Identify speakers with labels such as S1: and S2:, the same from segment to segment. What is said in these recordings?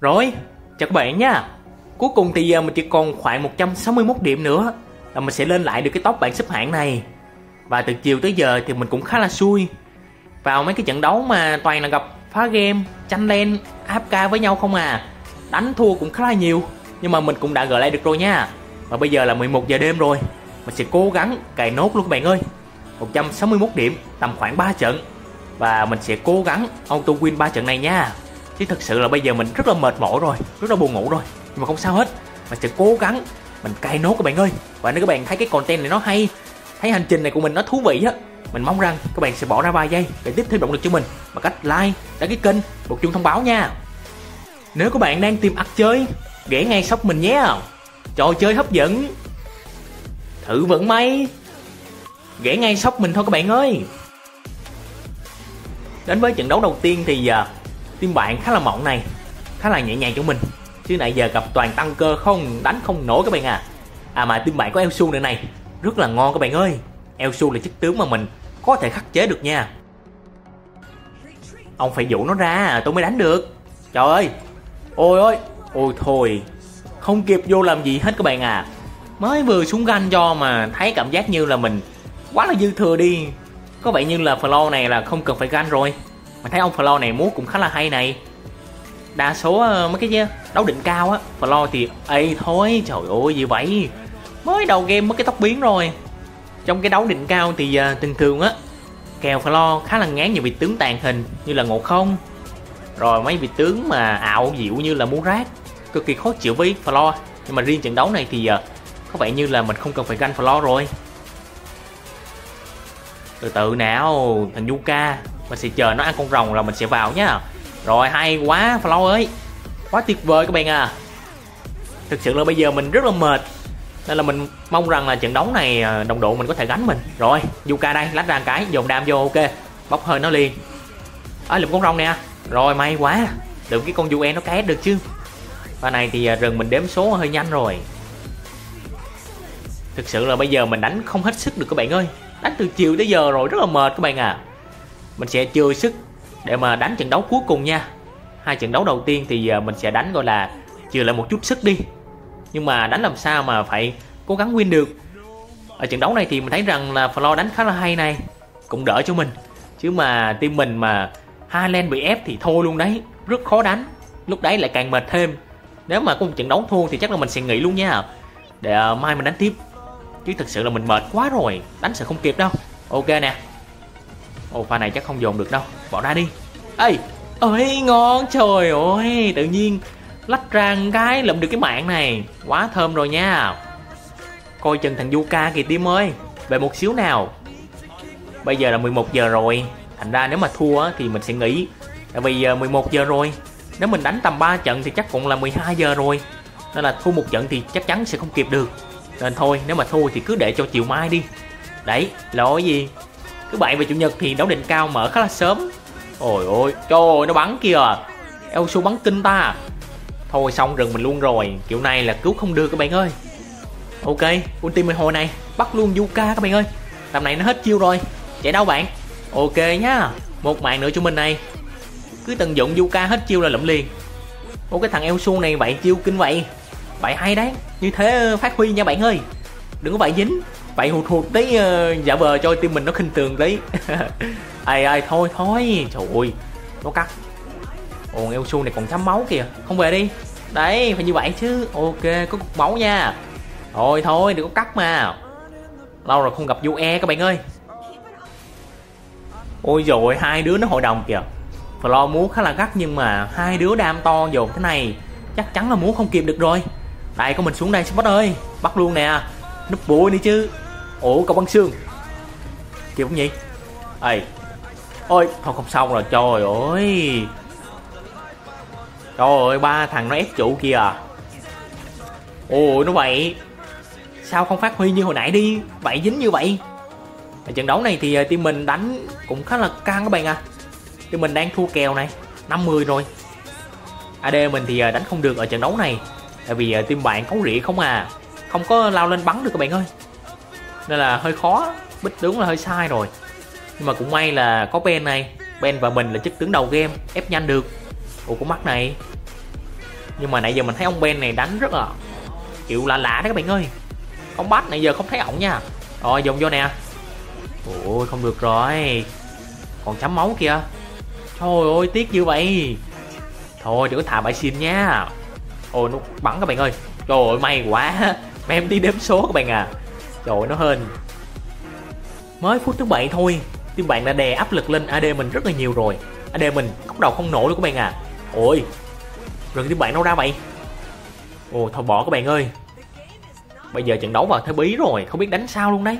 S1: Rồi, chào các bạn nha Cuối cùng thì giờ à, mình chỉ còn khoảng 161 điểm nữa Là mình sẽ lên lại được cái top bảng xếp hạng này Và từ chiều tới giờ thì mình cũng khá là xui Vào mấy cái trận đấu mà toàn là gặp phá game, tranh len, ca với nhau không à Đánh thua cũng khá là nhiều Nhưng mà mình cũng đã gỡ lại được rồi nha Và bây giờ là 11 giờ đêm rồi Mình sẽ cố gắng cày nốt luôn các bạn ơi 161 điểm, tầm khoảng 3 trận Và mình sẽ cố gắng auto win 3 trận này nha chứ thực sự là bây giờ mình rất là mệt mỏi rồi rất là buồn ngủ rồi nhưng mà không sao hết mình sẽ cố gắng mình cay nốt các bạn ơi và nếu các bạn thấy cái content này nó hay thấy hành trình này của mình nó thú vị á mình mong rằng các bạn sẽ bỏ ra vài giây để tiếp thêm động lực cho mình bằng cách like đăng ký kênh bật chuông thông báo nha nếu các bạn đang tìm ắt chơi ghé ngay shop mình nhé trò chơi hấp dẫn thử vận may ghé ngay shop mình thôi các bạn ơi đến với trận đấu đầu tiên thì giờ. À, team bạn khá là mỏng này khá là nhẹ nhàng cho mình chứ nãy giờ gặp toàn tăng cơ không đánh không nổi các bạn à à mà team bạn có Elsu su này này rất là ngon các bạn ơi el-su là chất tướng mà mình có thể khắc chế được nha ông phải dụ nó ra tôi mới đánh được trời ơi ôi ôi ôi thôi không kịp vô làm gì hết các bạn à mới vừa xuống ganh cho mà thấy cảm giác như là mình quá là dư thừa đi có vẻ như là flow này là không cần phải ganh rồi mình thấy ông Flo này múa cũng khá là hay này đa số ờ, mấy cái ờ, đấu đỉnh cao á Flo thì ấy thôi trời ơi gì vậy mới đầu game mất cái tóc biến rồi trong cái đấu đỉnh cao thì uh, thường thường á kèo Flo khá là ngán nhiều vị tướng tàn hình như là ngộ không rồi mấy vị tướng mà ảo diệu như là muốn rác, cực kỳ khó chịu với Flo nhưng mà riêng trận đấu này thì uh, có vẻ như là mình không cần phải ganh Flo rồi từ từ nào thằng Yuka mình sẽ chờ nó ăn con rồng là mình sẽ vào nhá rồi hay quá flow ơi quá tuyệt vời các bạn à thực sự là bây giờ mình rất là mệt nên là mình mong rằng là trận đấu này à, đồng đội mình có thể gánh mình rồi Yuka đây lách ra cái dồn đam vô ok bóc hơi nó liền à lụm con rồng nè rồi may quá được cái con UE nó cá được chứ và này thì à, rừng mình đếm số hơi nhanh rồi thực sự là bây giờ mình đánh không hết sức được các bạn ơi đánh từ chiều tới giờ rồi rất là mệt các bạn à mình sẽ chơi sức để mà đánh trận đấu cuối cùng nha hai trận đấu đầu tiên thì à, mình sẽ đánh gọi là chừa lại một chút sức đi nhưng mà đánh làm sao mà phải cố gắng win được ở trận đấu này thì mình thấy rằng là Flo đánh khá là hay này cũng đỡ cho mình chứ mà team mình mà Highland bị ép thì thôi luôn đấy rất khó đánh lúc đấy lại càng mệt thêm nếu mà có một trận đấu thua thì chắc là mình sẽ nghỉ luôn nha để à, mai mình đánh tiếp chứ thực sự là mình mệt quá rồi đánh sẽ không kịp đâu ok nè Ồ pha này chắc không dồn được đâu Bỏ ra đi Ê Ôi ngon trời ơi Tự nhiên lách ra cái lụm được cái mạng này Quá thơm rồi nha Coi chừng thằng Yuka kìa tim ơi Về một xíu nào Bây giờ là 11 giờ rồi Thành ra nếu mà thua thì mình sẽ nghỉ Tại vì 11 ờ, giờ rồi Nếu mình đánh tầm 3 trận thì chắc cũng là 12 giờ rồi Nên là thua một trận thì chắc chắn sẽ không kịp được Nên thôi nếu mà thua thì cứ để cho chiều mai đi Đấy lỗi gì thứ bảy và chủ nhật thì đấu đỉnh cao mở khá là sớm ôi ôi trời ơi nó bắn kìa eo su bắn kinh ta thôi xong rừng mình luôn rồi kiểu này là cứu không được các bạn ơi ok ultimate hồi này bắt luôn yuka các bạn ơi tầm này nó hết chiêu rồi chạy đâu bạn ok nhá một mạng nữa cho mình này cứ tận dụng yuka hết chiêu là lụm liền ô cái thằng eo su này bạn chiêu kinh vậy bạn hay đấy như thế phát huy nha bạn ơi đừng có bạn dính vậy hụt hụt đấy uh, giả vờ cho team mình nó khinh tường đấy ai ai thôi thôi trời ơi nó cắt ồ eo su này còn chấm máu kìa không về đi đấy phải như vậy chứ ok có cục máu nha thôi thôi đừng có cắt mà lâu rồi không gặp du e các bạn ơi ôi rồi hai đứa nó hội đồng kìa lo múa khá là gắt nhưng mà hai đứa đam to dồn thế này chắc chắn là múa không kịp được rồi đây có mình xuống đây spot ơi bắt luôn nè núp bụi đi chứ ủa cậu băng xương kìa cũng gì ầy ôi không không xong rồi trời ơi trời ơi ba thằng nó ép trụ kìa ôi nó vậy sao không phát huy như hồi nãy đi vậy dính như vậy ở trận đấu này thì à, team mình đánh cũng khá là căng các bạn à team mình đang thua kèo này 50 rồi AD mình thì à, đánh không được ở trận đấu này tại vì à, team bạn có rỉa không à không có lao lên bắn được các bạn ơi nên là hơi khó bích tướng là hơi sai rồi nhưng mà cũng may là có Ben này Ben và mình là chức tướng đầu game ép nhanh được ủa cũng mắt này nhưng mà nãy giờ mình thấy ông Ben này đánh rất là kiểu lạ lạ đấy các bạn ơi ông bắt nãy giờ không thấy ổng nha rồi dùng vô nè ôi không được rồi còn chấm máu kìa trời ơi tiếc như vậy thôi đừng có thả bãi xin nha ôi nó bắn các bạn ơi trời ơi may quá mà em đi đếm số các bạn à Trời nó hên Mới phút thứ bảy thôi Team bạn đã đè áp lực lên AD mình rất là nhiều rồi AD mình cốc đầu không nổ luôn các bạn à Ôi rừng team bạn đâu ra vậy Ồ thôi bỏ các bạn ơi Bây giờ trận đấu vào thế bí rồi Không biết đánh sao luôn đấy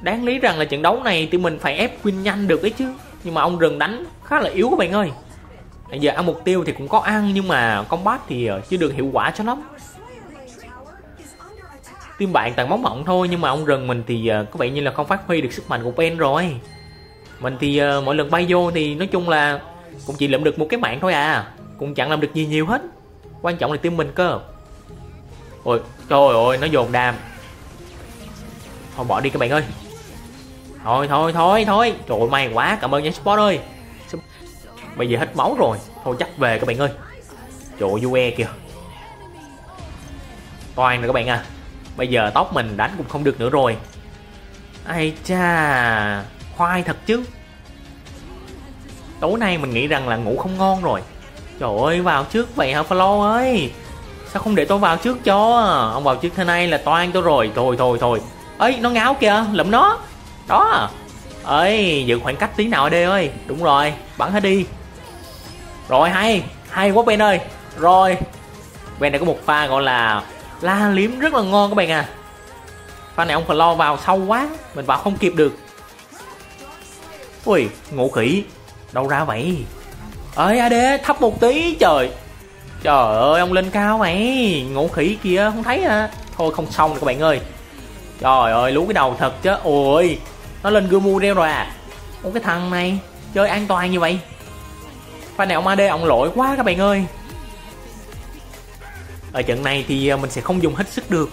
S1: Đáng lý rằng là trận đấu này tụi mình phải ép win nhanh được đấy chứ Nhưng mà ông rừng đánh khá là yếu các bạn ơi Bây giờ ăn mục tiêu thì cũng có ăn Nhưng mà combat thì ờ, chưa được hiệu quả cho lắm team bạn toàn bóng mỏng thôi nhưng mà ông rừng mình thì ờ, có vẻ như là không phát huy được sức mạnh của Ben rồi mình thì ờ, mỗi lần bay vô thì nói chung là cũng chỉ lượm được một cái mạng thôi à cũng chẳng làm được gì nhiều hết quan trọng là team mình cơ ôi trời ơi nó dồn đam thôi bỏ đi các bạn ơi thôi thôi thôi thôi trời may quá cảm ơn nha support ơi bây giờ hết máu rồi thôi chắc về các bạn ơi trời ơi UE kìa toàn rồi các bạn à Bây giờ tóc mình đánh cũng không được nữa rồi ai cha Khoai thật chứ Tối nay mình nghĩ rằng là ngủ không ngon rồi Trời ơi vào trước vậy hả Flo ơi Sao không để tôi vào trước cho Ông vào trước thế này là toan tôi rồi Thôi thôi thôi ấy nó ngáo kìa lụm nó Đó ấy giữ khoảng cách tí nào đi ơi Đúng rồi bắn hết đi Rồi hay hay quá Ben ơi Rồi Ben đã có một pha gọi là la liếm rất là ngon các bạn à pha này ông phải lo vào sâu quá mình vào không kịp được ui ngộ khỉ đâu ra vậy ơi ad thấp một tí trời trời ơi ông lên cao mày ngộ khỉ kia không thấy à thôi không xong rồi các bạn ơi trời ơi lú cái đầu thật chứ ôi nó lên mu đeo rồi à ô cái thằng này chơi an toàn như vậy pha này ông ad ông lỗi quá các bạn ơi ở trận này thì ờ, mình sẽ không dùng hết sức được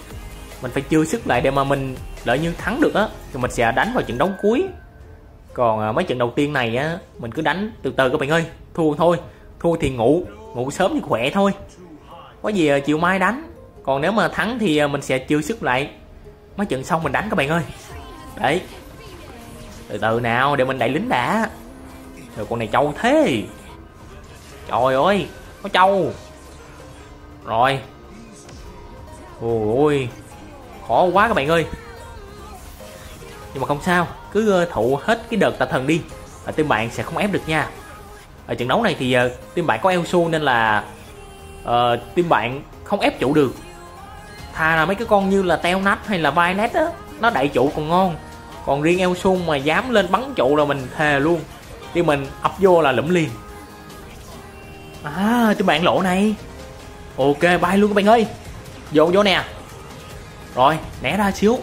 S1: mình phải chưa sức lại để mà mình lỡ như thắng được á thì mình sẽ đánh vào trận đấu cuối còn ờ, mấy trận đầu tiên này á mình cứ đánh từ từ các bạn ơi thua thôi thua thì ngủ ngủ sớm thì khỏe thôi có gì ờ, chiều mai đánh còn nếu mà thắng thì mình sẽ chưa sức lại mấy trận xong mình đánh các bạn ơi đấy từ từ nào để mình đẩy lính đã rồi con này trâu thế trời ơi có trâu rồi Ôi Khó quá các bạn ơi Nhưng mà không sao Cứ ờ, thụ hết cái đợt tà thần đi Và team bạn sẽ không ép được nha Ở trận đấu này thì ờ, team bạn có Elsu nên là uh, Team bạn không ép chủ được Thà là mấy cái con như là Telnet hay là vai Violet á Nó đẩy trụ còn ngon Còn riêng Elsu mà dám lên bắn trụ là mình thề luôn Team mình ập vô là lụm liền À, team bạn lộ này ok bay luôn các bạn ơi vô vô nè rồi né ra xíu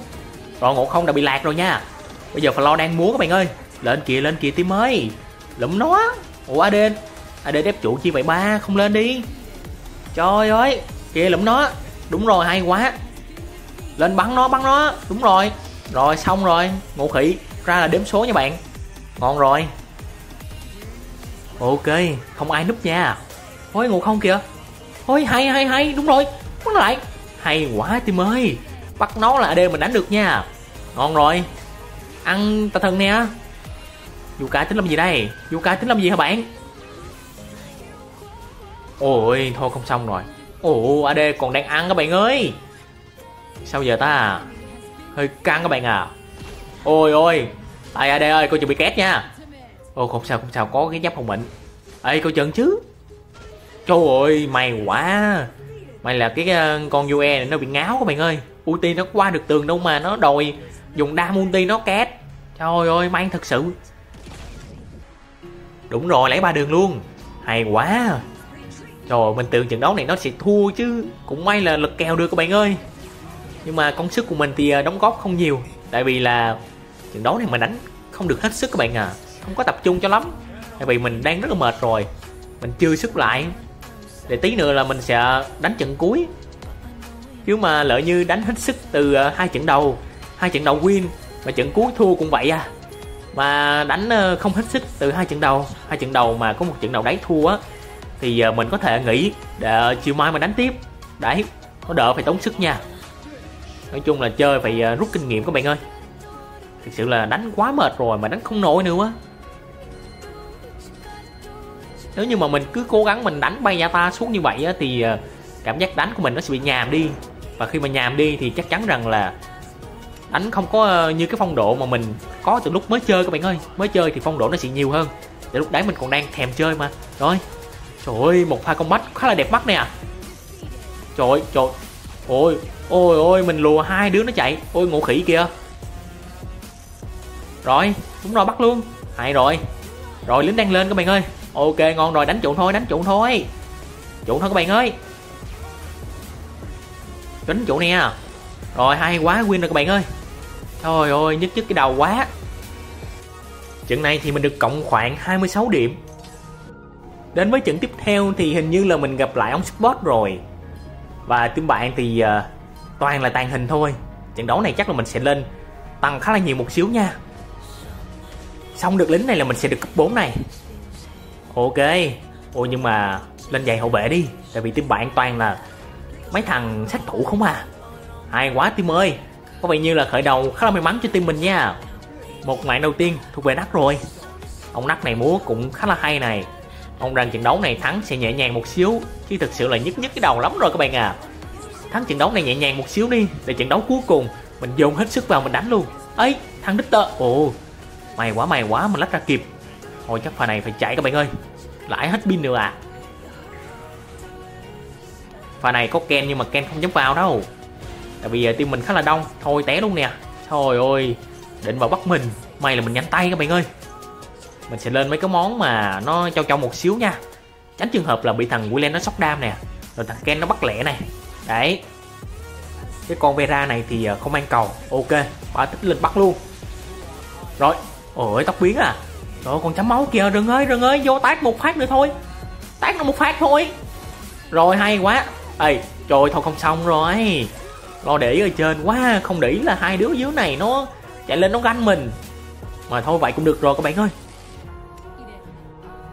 S1: rồi ngộ không đã bị lạc rồi nha bây giờ flo đang múa các bạn ơi lên kìa lên kìa tim ơi lụm nó ủa ad ad ép trụ chi vậy ba không lên đi trời ơi kìa lụm nó đúng rồi hay quá lên bắn nó bắn nó đúng rồi rồi xong rồi ngộ khỉ ra là đếm số nha bạn ngon rồi ok không ai núp nha ôi ngộ không kìa Ôi hay hay hay đúng rồi Bắt nó lại Hay quá tim ơi Bắt nó là ad mình đánh được nha Ngon rồi Ăn tà thần nè Dù cả tính làm gì đây Dù cả tính làm gì hả bạn Ôi thôi không xong rồi Ồ AD còn đang ăn các bạn ơi Sao giờ ta Hơi căng các bạn à Ôi ôi Tại AD ơi cô chuẩn bị két nha Ô không sao không sao có cái giáp hồng mệnh Ê cô chừng chứ Trời ơi mày quá Mày là cái ờ, con UE này nó bị ngáo các bạn ơi Ulti nó qua được tường đâu mà nó đòi Dùng đam ulti nó két Trời ơi may thật sự Đúng rồi lấy ba đường luôn Hay quá Trời ơi, mình tưởng trận đấu này nó sẽ thua chứ Cũng may là lực kèo được các bạn ơi Nhưng mà công sức của mình thì ờ, đóng góp không nhiều Tại vì là trận đấu này mình đánh không được hết sức các bạn à Không có tập trung cho lắm Tại vì mình đang rất là mệt rồi Mình chưa sức lại để tí nữa là mình sẽ đánh trận cuối chứ mà lợi như đánh hết sức từ ờ, hai trận đầu hai trận đầu win mà trận cuối thua cũng vậy à mà đánh ờ, không hết sức từ hai trận đầu hai trận đầu mà có một trận đầu đáy thua á thì ờ, mình có thể nghỉ để chiều mai mà đánh tiếp đấy có đỡ phải tốn sức nha nói chung là chơi phải rút kinh nghiệm các bạn ơi thực sự là đánh quá mệt rồi mà đánh không nổi nữa nếu như mà mình cứ cố gắng mình đánh bay Bayata xuống như vậy á, thì ờ, cảm giác đánh của mình nó sẽ bị nhàm đi và khi mà nhàm đi thì chắc chắn rằng là đánh không có ờ, như cái phong độ mà mình có từ lúc mới chơi các bạn ơi mới chơi thì phong độ nó sẽ nhiều hơn để lúc đấy mình còn đang thèm chơi mà rồi trời ơi một pha combat khá là đẹp mắt nè trời trời ôi ôi ôi mình lùa hai đứa nó chạy ôi ngộ khỉ kìa rồi đúng rồi bắt luôn hay rồi rồi lính đang lên các bạn ơi ok ngon rồi đánh trụ thôi đánh trụ thôi trụ thôi các bạn ơi đánh trụ nè rồi hay quá win rồi các bạn ơi trời ơi nhức nhức cái đầu quá trận này thì mình được cộng khoảng 26 điểm đến với trận tiếp theo thì hình như là mình gặp lại ông sport rồi và team bạn thì uh, toàn là tàn hình thôi trận đấu này chắc là mình sẽ lên tăng khá là nhiều một xíu nha xong được lính này là mình sẽ được cấp 4 này ok ô nhưng mà lên dạy hậu vệ đi tại vì team bạn toàn là mấy thằng sát thủ không à hay quá team ơi có vẻ như là khởi đầu khá là may mắn cho team mình nha một mạng đầu tiên thuộc về nắp rồi ông nắp này múa cũng khá là hay này ông rằng trận đấu này thắng sẽ nhẹ nhàng một xíu chứ thực sự là nhức nhức cái đầu lắm rồi các bạn à thắng trận đấu này nhẹ nhàng một xíu đi để trận đấu cuối cùng mình dồn hết sức vào mình đánh luôn ấy thằng đích tơ ồ may quá may quá mình lách ra kịp thôi chắc pha này phải chạy các bạn ơi lãi hết pin được à pha này có ken nhưng mà ken không dám vào đâu tại vì ờ, team mình khá là đông thôi té luôn nè thôi ơi định vào bắt mình may là mình nhanh tay các bạn ơi mình sẽ lên mấy cái món mà nó cho cho một xíu nha tránh trường hợp là bị thằng William nó sóc đam nè rồi thằng Ken nó bắt lẻ này đấy cái con Vera này thì ờ, không ăn cầu ok bà tích lên bắt luôn rồi ôi tóc biến à Trời ơi, còn chấm máu kìa Rừng ơi Rừng ơi vô tát một phát nữa thôi Tát nó một phát thôi Rồi hay quá Ê trời thôi không xong rồi Lo để ở trên quá Không để là hai đứa dưới này nó Chạy lên nó ganh mình Mà thôi vậy cũng được rồi các bạn ơi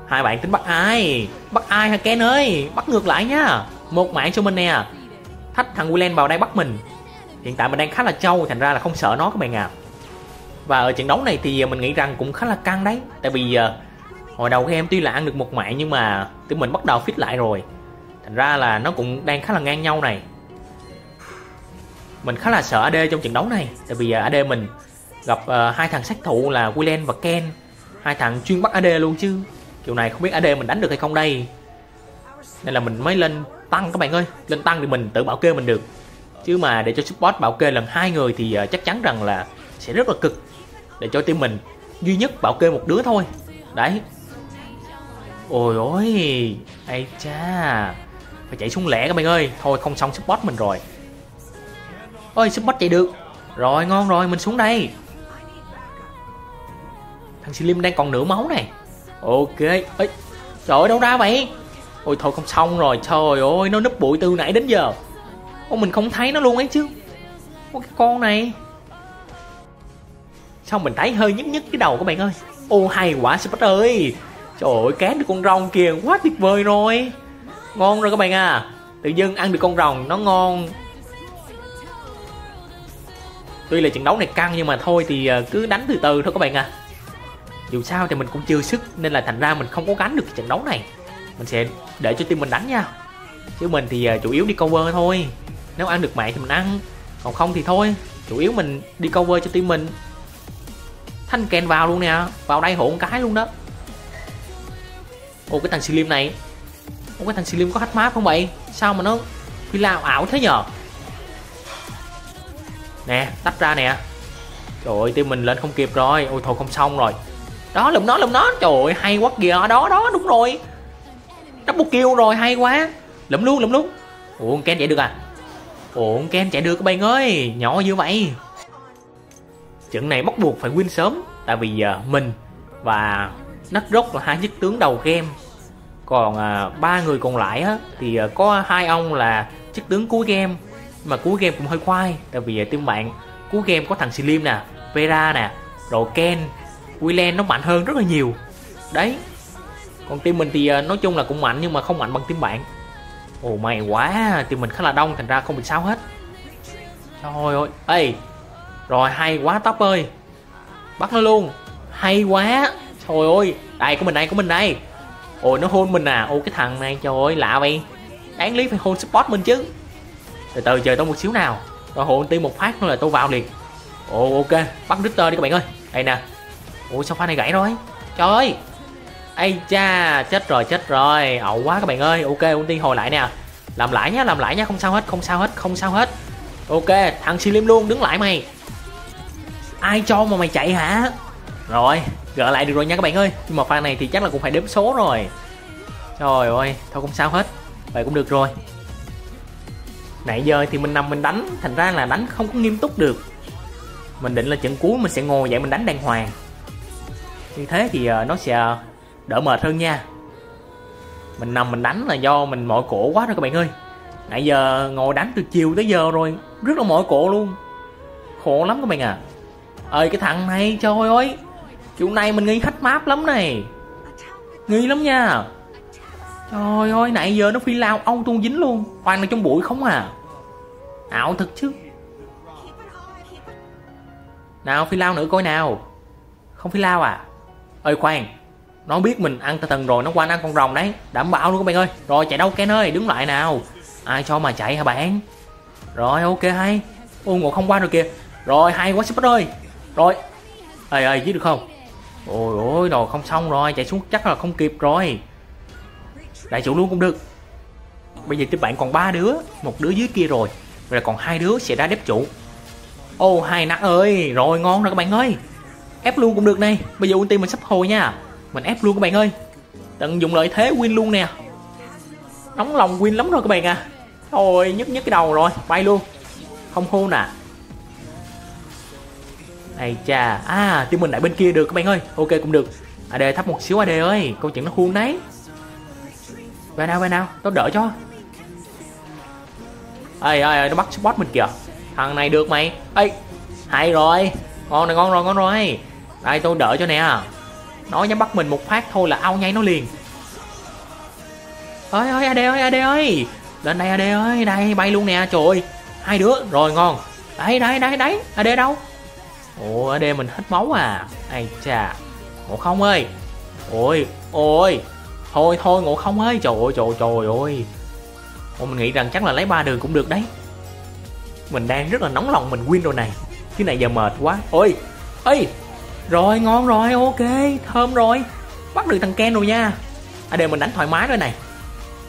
S1: Hai bạn tính bắt ai Bắt ai hả Ken ơi Bắt ngược lại nhá Một mạng cho mình nè Thách thằng Willen vào đây bắt mình Hiện tại mình đang khá là trâu Thành ra là không sợ nó các bạn à và ở trận đấu này thì à, mình nghĩ rằng cũng khá là căng đấy tại vì uh, hồi đầu game tuy là ăn được một mạng nhưng mà tụi mình bắt đầu fit lại rồi thành ra là nó cũng đang khá là ngang nhau này mình khá là sợ AD trong trận đấu này tại vì à, AD mình gặp uh, hai thằng sát thủ là Willen và Ken hai thằng chuyên bắt AD luôn chứ kiểu này không biết AD mình đánh được hay không đây nên là mình mới lên tăng các bạn ơi lên tăng thì mình tự bảo kê mình được chứ mà để cho support bảo kê lần hai người thì chắc chắn rằng là sẽ rất là cực để cho team mình duy nhất bảo kê một đứa thôi đấy ôi ôi ai cha phải chạy xuống lẻ các bạn ơi thôi không xong support mình rồi ơi support chạy được rồi ngon rồi mình xuống đây thằng slim đang còn nửa máu này ok ấy trời ơi đâu ra vậy ôi thôi không xong rồi trời ơi nó nấp bụi từ nãy đến giờ ô mình không thấy nó luôn ấy chứ ô cái con này xong mình thấy hơi nhức nhức cái đầu các bạn ơi ô hay quá Spot ơi trời ơi cá được con rồng kìa quá tuyệt vời rồi ngon rồi các bạn à tự dưng ăn được con rồng nó ngon tuy là trận đấu này căng nhưng mà thôi thì ờ, cứ đánh từ từ thôi các bạn à dù sao thì mình cũng chưa sức nên là thành ra mình không có gánh được trận đấu này mình sẽ để cho team mình đánh nha chứ mình thì ờ, chủ yếu đi cover thôi nếu ăn được mạng thì mình ăn còn không thì thôi chủ yếu mình đi cover cho team mình thanh kèn vào luôn nè vào đây hỗn cái luôn đó ô cái thằng slim này ô cái thằng slim có hack map không vậy sao mà nó phi lao ảo thế nhờ nè tách ra nè trời ơi tim mình lên không kịp rồi ôi thôi không xong rồi đó lụm nó lụm nó trời ơi hay quá kìa đó đó đúng rồi double kêu rồi hay quá lụm luôn lụm luôn ủa con ken chạy được à ủa con ken chạy được các bạn ơi nhỏ như vậy trận này bắt buộc phải win sớm tại vì giờ mình và rốt là hai chiếc tướng đầu game còn ờ, ba uh, người còn lại á, thì uh, có hai ông là chiếc tướng cuối game mà cuối game cũng hơi khoai tại vì uh, team bạn cuối game có thằng Slim nè Vera nè rồi Ken Willen nó mạnh hơn rất là nhiều đấy còn team mình thì uh, nói chung là cũng mạnh nhưng mà không mạnh bằng team bạn ồ may quá team mình khá là đông thành ra không bị sao hết trời ơi ê rồi hay quá top ơi bắt nó luôn hay quá trời ơi đây của mình đây của mình đây ôi nó hôn mình à ô cái thằng này trời ơi lạ vậy đáng lý phải hôn support mình chứ từ từ chờ tôi một xíu nào rồi hôn tim một phát nữa là tôi vào liền ồ ok bắt Richter đi các bạn ơi đây nè ôi sao pha này gãy rồi trời ơi ây cha chết rồi chết rồi ẩu quá các bạn ơi ok ulti hồi lại nè làm lại nhá làm lại nhá không sao hết không sao hết không sao hết ok thằng slim luôn đứng lại mày ai cho mà mày chạy hả rồi gỡ lại được rồi nha các bạn ơi nhưng mà pha này thì chắc là cũng phải đếm số rồi trời ơi thôi không sao hết vậy cũng được rồi nãy giờ thì mình nằm mình đánh thành ra là đánh không có nghiêm túc được mình định là trận cuối mình sẽ ngồi dậy mình đánh đàng hoàng như thế thì ờ, nó sẽ đỡ mệt hơn nha mình nằm mình đánh là do mình mỏi cổ quá rồi các bạn ơi nãy giờ ngồi đánh từ chiều tới giờ rồi rất là mỏi cổ luôn khổ lắm các bạn à ơi cái thằng này trời ơi kiểu này mình nghi khách map lắm này nghi lắm nha trời ơi nãy giờ nó phi lao ông tuôn dính luôn toàn nó trong bụi không à ảo thật chứ nào phi lao nữa coi nào không phi lao à ơi khoan nó biết mình ăn tà thần rồi nó qua ăn con rồng đấy đảm bảo luôn các bạn ơi rồi chạy đâu cái nơi đứng lại nào ai cho mà chạy hả bạn rồi ok hay ô ngộ không qua rồi kìa rồi hay quá sếp ơi rồi ê ê giết được không ôi ôi đồ không xong rồi chạy xuống chắc là không kịp rồi đại chủ luôn cũng được bây giờ tiếp bạn còn ba đứa một đứa dưới kia rồi rồi còn hai đứa sẽ ra đép chủ ô hai nắng ơi rồi ngon rồi các bạn ơi ép luôn cũng được này bây giờ ulti mình sắp hồi nha mình ép luôn các bạn ơi tận dụng lợi thế win luôn nè nóng lòng win lắm rồi các bạn à thôi nhức nhức cái đầu rồi bay luôn không hôn nè ai chà à team mình lại bên kia được các bạn ơi ok cũng được ad thấp một xíu ad ơi câu chuyện nó khuôn đấy về nào về nào tao đỡ cho ê ê nó bắt spot mình kìa thằng này được mày ê hay rồi ngon này ngon rồi ngon rồi đây tôi đỡ cho nè nó nhắm bắt mình một phát thôi là ao nháy nó liền ơi ơi ad ơi ad ơi lên đây ad ơi đây bay luôn nè trời ơi hai đứa rồi ngon đấy đấy đấy đấy ad đâu Ồ ở đây mình hết máu à Ai chà Ngộ không ơi Ôi ôi Thôi thôi ngộ không ơi Trời ơi trời trời ơi Ồ mình nghĩ rằng chắc là lấy ba đường cũng được đấy Mình đang rất là nóng lòng mình win đồ này Chứ này giờ mệt quá Ôi Ê Rồi ngon rồi ok Thơm rồi Bắt được thằng Ken rồi nha Ở đây mình đánh thoải mái rồi này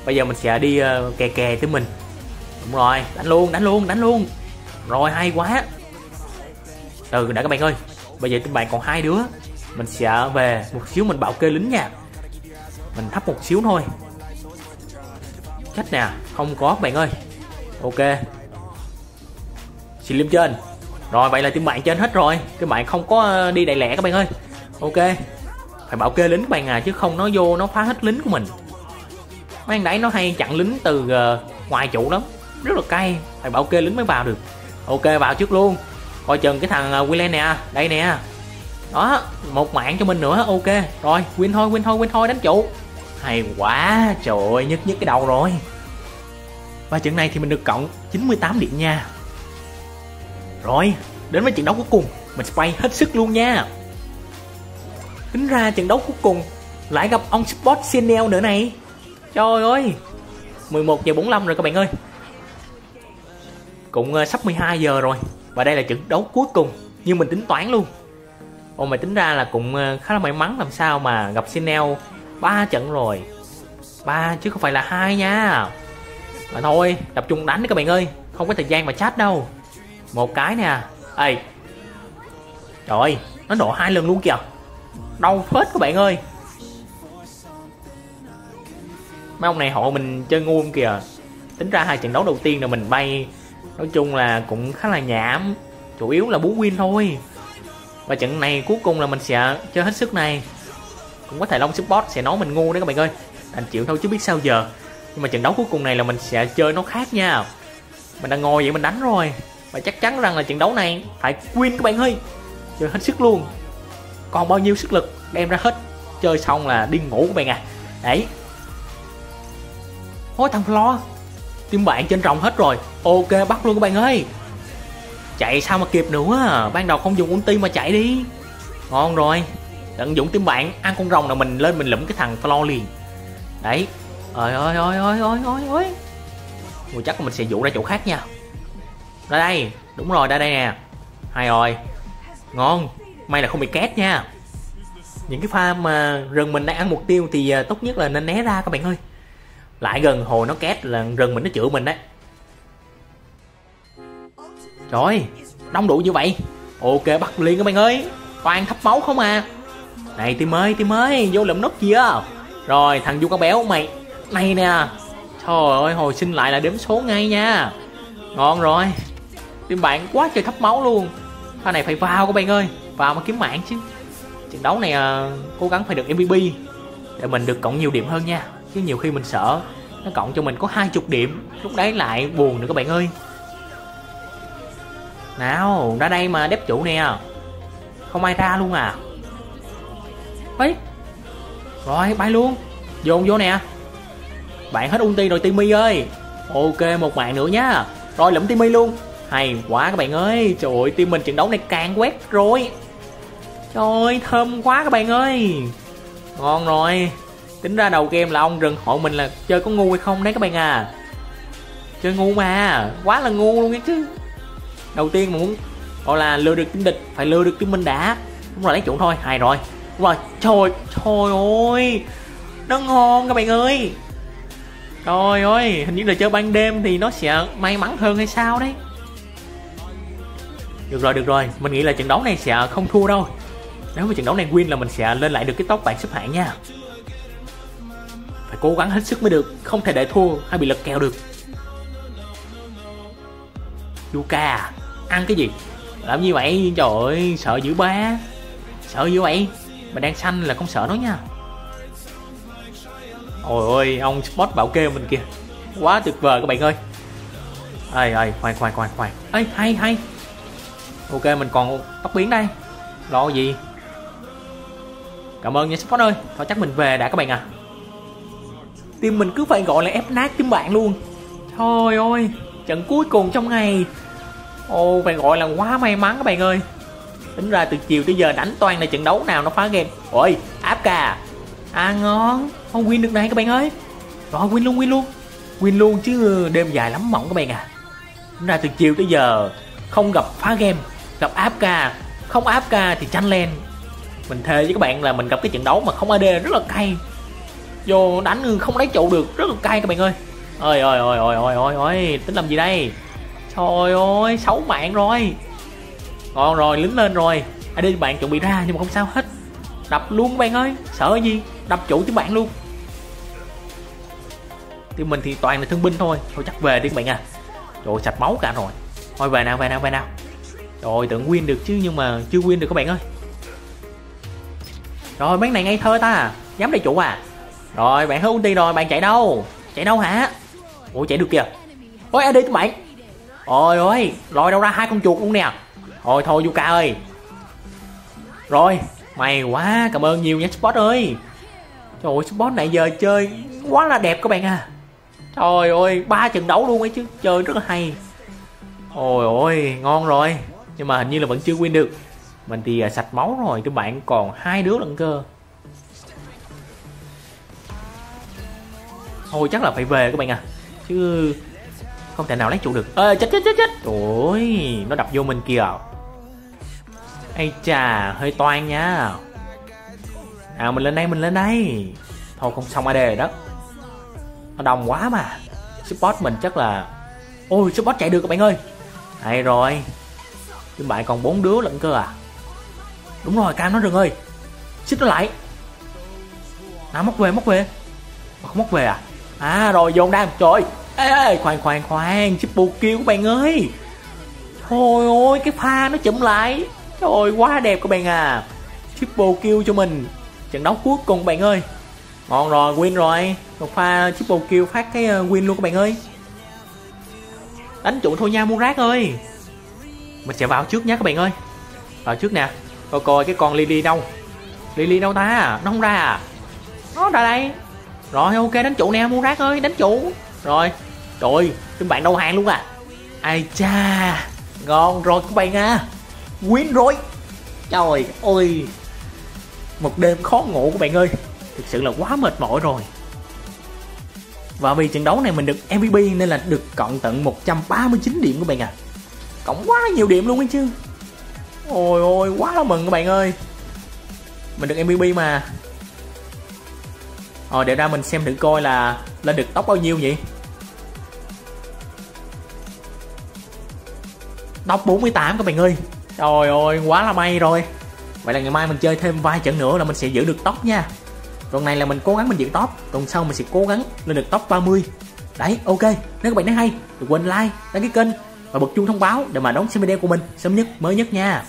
S1: Bây giờ mình sẽ đi uh, kè kè tới mình Đúng rồi đánh luôn đánh luôn đánh luôn Rồi hay quá từ đã các bạn ơi bây giờ tụi bạn còn hai đứa mình sẽ về một xíu mình bảo kê lính nha mình thấp một xíu thôi cách nè không có các bạn ơi ok xin liêm trên rồi vậy là tiếng bạn trên hết rồi tiếng bạn không có ờ, đi đại lẻ các bạn ơi ok phải bảo kê lính các bạn à chứ không nó vô nó phá hết lính của mình mấy anh đấy nó hay chặn lính từ ờ, ngoài trụ lắm rất là cay phải bảo kê lính mới vào được ok vào trước luôn coi chừng cái thằng à, Willen nè đây nè đó một mạng cho mình nữa ok rồi win thôi win thôi win thôi đánh chủ hay quá trời ơi nhức nhất cái đầu rồi và trận này thì mình được cộng 98 điểm nha rồi đến với trận đấu cuối cùng mình spray hết sức luôn nha tính ra trận đấu cuối cùng lại gặp ông sport Sinel nữa này trời ơi 11 giờ 45 rồi các bạn ơi cũng à, sắp 12 giờ rồi và đây là trận đấu cuối cùng nhưng mình tính toán luôn Ồ mà tính ra là cũng ờ, khá là may mắn làm sao mà gặp Sinel 3 trận rồi ba chứ không phải là hai nha Mà thôi tập trung đánh đi các bạn ơi Không có thời gian mà chat đâu Một cái nè Ê Trời ơi Nó nổ hai lần luôn kìa Đau phết các bạn ơi Mấy ông này họ mình chơi ngu kìa Tính ra hai trận đấu đầu tiên là mình bay nói chung là cũng khá là nhảm chủ yếu là bú win thôi và trận này cuối cùng là mình sẽ chơi hết sức này cũng có thể long support sẽ nói mình ngu đấy các bạn ơi anh chịu thôi chứ biết sao giờ nhưng mà trận đấu cuối cùng này là mình sẽ chơi nó khác nha mình đang ngồi vậy mình đánh rồi và chắc chắn rằng là trận đấu này phải win các bạn ơi chơi hết sức luôn còn bao nhiêu sức lực đem ra hết chơi xong là đi ngủ các bạn à đấy ôi thằng flo Team bạn trên rồng hết rồi Ok bắt luôn các bạn ơi Chạy sao mà kịp nữa Ban đầu không dùng ulti mà chạy đi Ngon rồi Tận dụng team bạn Ăn con rồng là mình lên mình lụm cái thằng Flo liền Đấy ơi, ôi ơi, ôi ơi, ôi ơi. Ui chắc mình sẽ dụ ra chỗ khác nha Ra đây Đúng rồi ra đây nè Hay rồi Ngon May là không bị két nha Những cái pha mà rừng mình đang ăn mục tiêu Thì ờ, tốt nhất là nên né ra các bạn ơi lại gần hồ nó két là rừng mình nó chữa mình đấy trời đông đủ như vậy ok bắt liền các bạn ơi toàn thấp máu không à này tim ơi tim ơi vô lụm nốt kia rồi thằng du con béo mày này nè trời ơi hồi sinh lại là đếm số ngay nha ngon rồi tim bạn quá trời thấp máu luôn pha này phải vào các bạn ơi vào mà kiếm mạng chứ trận đấu này à, cố gắng phải được mvp để mình được cộng nhiều điểm hơn nha chứ nhiều khi mình sợ nó cộng cho mình có hai chục điểm lúc đấy lại buồn nữa các bạn ơi nào ra đây mà đép chủ nè không ai ra luôn à ấy rồi bay luôn dồn vô nè bạn hết ulti rồi timmy ơi ok một mạng nữa nhá rồi lụm timmy luôn hay quá các bạn ơi trời ơi team mình trận đấu này càng quét rồi trời ơi thơm quá các bạn ơi ngon rồi tính ra đầu game là ông rừng hội mình là chơi có ngu hay không đấy các bạn à chơi ngu mà quá là ngu luôn ấy chứ đầu tiên mà muốn gọi là lừa được tiếng địch phải lừa được tiếng mình đã đúng là lấy chủ thôi hài rồi đúng rồi trời trời ơi nó ngon các bạn ơi trời ơi hình như là chơi ban đêm thì nó sẽ may mắn hơn hay sao đấy được rồi được rồi mình nghĩ là trận đấu này sẽ không thua đâu nếu mà trận đấu này win là mình sẽ lên lại được cái tốc bảng xếp hạng nha cố gắng hết sức mới được Không thể để thua hay bị lật kèo được Yuka à, Ăn cái gì Làm như vậy trời ơi sợ dữ ba Sợ dữ vậy Mà đang xanh là không sợ nó nha Ôi ôi ông spot bảo kê mình kìa Quá tuyệt vời các bạn ơi Ây ơi khoan khoan khoan khoan Ây hay hay Ok mình còn tóc biến đây Lo gì Cảm ơn nha spot ơi Thôi chắc mình về đã các bạn à Team mình cứ phải gọi là ép nát team bạn luôn Thôi ôi Trận cuối cùng trong ngày ô phải gọi là quá may mắn các bạn ơi Tính ra từ chiều tới giờ đánh toàn là trận đấu nào nó phá game Ôi áp cà À ngon Không win được này các bạn ơi Rồi win luôn win luôn Win luôn chứ đêm dài lắm mỏng các bạn à Tính ra từ chiều tới giờ Không gặp phá game Gặp áp ca Không áp ca thì tranh len Mình thề với các bạn là mình gặp cái trận đấu mà không AD rất là cay vô đánh không lấy trụ được rất là cay các bạn ơi ơi ơi ơi ơi ơi ơi ơi tính làm gì đây trời ơi xấu mạng rồi ngon rồi lính lên rồi ai đi bạn chuẩn bị ra nhưng mà không sao hết đập luôn các bạn ơi sợ gì đập chủ tiếng bạn luôn thì mình thì toàn là thương binh thôi thôi chắc về đi các bạn à trời sạch máu cả rồi thôi về nào về nào về nào rồi tưởng win được chứ nhưng mà chưa win được các bạn ơi rồi mấy này ngây thơ ta dám đây chủ à rồi bạn hết ulti rồi bạn chạy đâu Chạy đâu hả Ủa chạy được kìa Ôi đi các bạn Ôi ôi Lòi đâu ra hai con chuột luôn nè Thôi thôi Yuka ơi Rồi mày quá cảm ơn nhiều nha Spot ơi Trời ơi Spot này giờ chơi Quá là đẹp các bạn à Trời ơi ba trận đấu luôn ấy chứ Chơi rất là hay Ôi ôi ngon rồi Nhưng mà hình như là vẫn chưa win được Mình thì à, sạch máu rồi các bạn Còn hai đứa lận cơ thôi chắc là phải về các bạn à chứ không thể nào lấy trụ được ơ chết chết chết chết ôi nó đập vô mình kìa ây chà hơi toan nha à mình lên đây mình lên đây thôi không xong ad rồi đó nó đông quá mà support mình chắc là ôi support chạy được các bạn ơi hay rồi nhưng bạn còn bốn đứa lẫn cơ à đúng rồi cam nó rừng ơi xích nó lại nó à, móc về móc về mà ờ, không móc về à à rồi dồn đang trời ê ê khoan khoan khoan chip bù kêu các bạn ơi thôi ôi cái pha nó chậm lại trời ơi quá đẹp các bạn à triple kill cho mình trận đấu cuối cùng bạn ơi ngon rồi win rồi một pha triple kill phát cái ờ, win luôn các bạn ơi đánh trụ thôi nha rác ơi mình sẽ vào trước nhé các bạn ơi vào trước nè coi coi cái con lily đâu lily đâu ta nó không ra à nó ra đây rồi ok đánh trụ nè mua rác ơi đánh trụ rồi trời các bạn đầu hàng luôn à ai cha ngon rồi các bạn à quyến rối trời ơi một đêm khó ngủ các bạn ơi thực sự là quá mệt mỏi rồi và vì trận đấu này mình được MVP nên là được cộng tận 139 điểm các bạn à Cộng quá nhiều điểm luôn ấy chứ Ôi ôi quá là mừng các bạn ơi Mình được MVP mà ờ để ra mình xem thử coi là lên được tóc bao nhiêu nhỉ tóc 48 các bạn ơi trời ơi quá là may rồi vậy là ngày mai mình chơi thêm vài trận nữa là mình sẽ giữ được tóc nha tuần này là mình cố gắng mình giữ tóc tuần sau mình sẽ cố gắng lên được tóc 30 đấy ok nếu các bạn thấy hay đừng quên like đăng ký kênh và bật chuông thông báo để mà đón xem video của mình sớm nhất mới nhất nha